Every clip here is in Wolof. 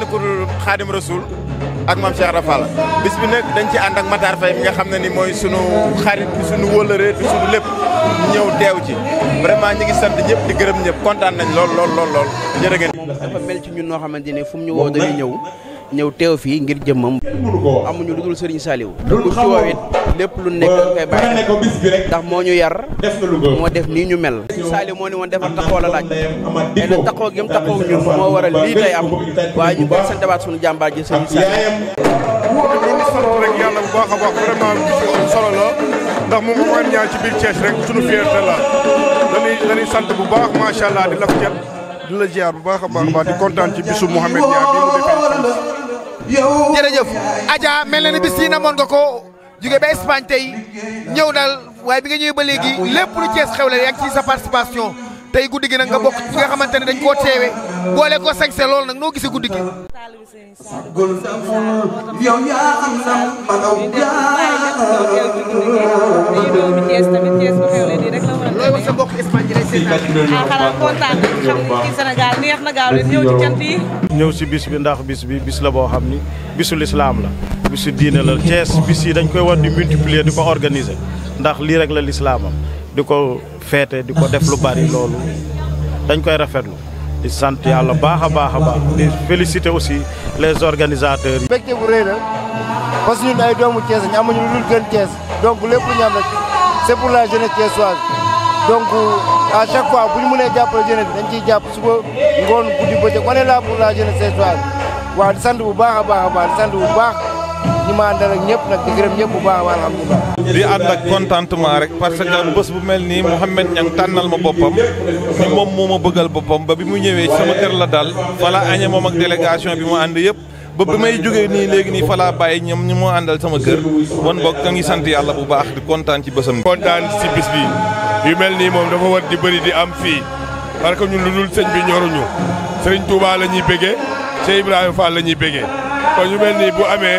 kenn ku dul xaadim rasul ak maam Cheikh Rafal bis bi nag dañ ci ànd ak Matar Faye bi nga xam ne ni mooy sunu xarit di sunu wëlëree di sunu lépp ñëw teew ci vraiment ñi ngi sant ñëpp di gërëm ñëpp kontaan nañ lool lool lool lool jërë ngeen. dafa mel ci ñun noo xamante ne fu mu ñu woo dañuy ñëw. ñëw teew fii ngir jëmmam amuñu lu Sëriñ Saliou bu ci woo it lépp lu nekk koy bàyyi ndax moo ñu yar moo def nii ñu mel Sëriñ Saliou moo ni woon defar taxoo la laaj te na taxoo gi mu moo waral lii tey am waaye ñu bokk seen dabaat suñu jàmbaar ji Sëriñ Saliou sant rek yàlla bu baax a solo la ndax moom Omar Niang ci biir Thiès rek sunu fierté la dañuy sant bu baax macha allah di la ko di la ziar bu baax jerejeuf Adja melni bi sina mon nga ko jóge ba Espagne tay ñew dal way bi nga ñëwee ba legi lepp lu ciess xewle yaa ci sa participation tay guddigi nak nga bok ci nga xamante dañ ko teewe bolé ko sañse lool nag noo gisee guddi gi. loolu sa mbokk si nag ah xam ne ci Sénégal neex na gaaw leen ñëw ci cant yi. ñëw si bis bi ndax bis bi bis la boo xam ni bisu lislaam la. bisu diine la Thiès bis yi dañ koy war di multiplier di ko organiser ndax lii rek la lislaamam di ko feete di ko def lu bari loolu dañ koy rafetlu. di sant yàlla baax a baax a baax di féliciter aussi les organisateurs yi. mbégte bu rëy la parce ñun ay doomu Thiès ñu amuñu lu dul gën Thiès donc lépp lu ñu am rek la jeunesse thiessoise chaque fois bu ñu mënee jàppale jeunesse bi dañ ciy jàpp suba ngoon guddi bëccëg on est là pour la jeunesse séeréeroise waaw di sant di sant bu baax ñi ma àndal ak ñëpp nag di gërëm ñëpp bu baax a baax alhamdulilah. di ànd ak contentement rek parce que bés bu mel nii Mouhamed Niang ma boppam ni moom moo bëggal boppam ba bi mu ñëwee sama kër la daal fala añe moom ak délégation bi mu ànd yëpp. ba bi may jógee nii léegi nii falaa bàyyi ñoom ñu moo àndal sama kër wan bokk ka ngi sant yàlla bu baax di kontaan ci bésam. kontaan si bis bi. yu mel nii moom dafa war di bëri di am fii parce que ñun lu dul sëñ bi ñoruñu sëriñ Touba la ñuy béggee Cheikh Ibrahima Fall la ñuy béggee kon yu mel nii bu amee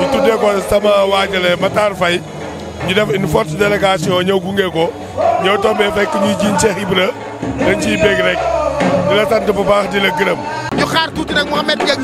ñu tuddee ko sama waajale Matar fay ñu def une forte délégation ñëw gunge ko ñëw tombee fekk ñuy jiiñ Cheikh Ibra dañ ciy bég rek di la sant bu baax di la gërëm. ñu xaar tuuti nag Mouhamed Dieng